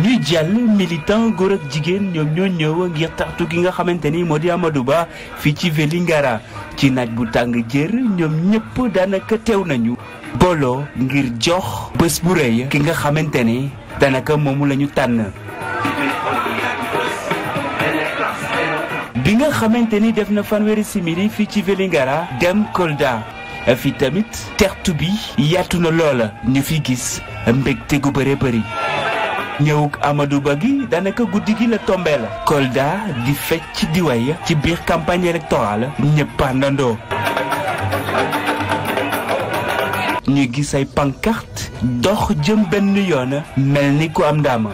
ñuy jàll militant góor ak jigéen ñoom ñoo ñëw ngir taxtu ki nga xamante ni moo di Amadou Ba fii ci Vélingara ci naaj bu tàng jër ñoom ñépp daanaka teew nañu booloo ngir jox bés bu rëy ki nga xamante ni daanaka moomu la tànn bi nga xamante ni def na fanweeri simili fii ci Vélingara dem Kolda fi tamit tertu bi yaatu na loola ñu fi gis mbégte gu bëre bëri ñëwug amadu Ba gi daanaka guddi gi la tombé la Kolda di fecc ci diway ci biir campagne électorale ñëpp àndandoo ñu gis ay pancarte dox jëm benn yoon mel ni ku am ndaama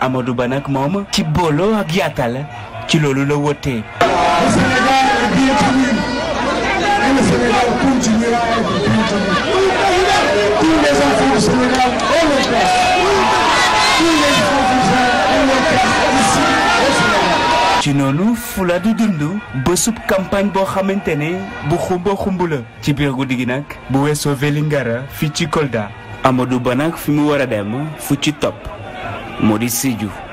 amadu Ba nag moom ci booloo ak yaatal ci loolu la wotee ci noonu Fula di dund bésub campagne boo xamante ne bu xumba xumb la ci biir guddi gi nag bu weesoo Vélingara fii ci Kolda amadu Ba nag fi mu war a dem fu ci topp moo di Sédhiou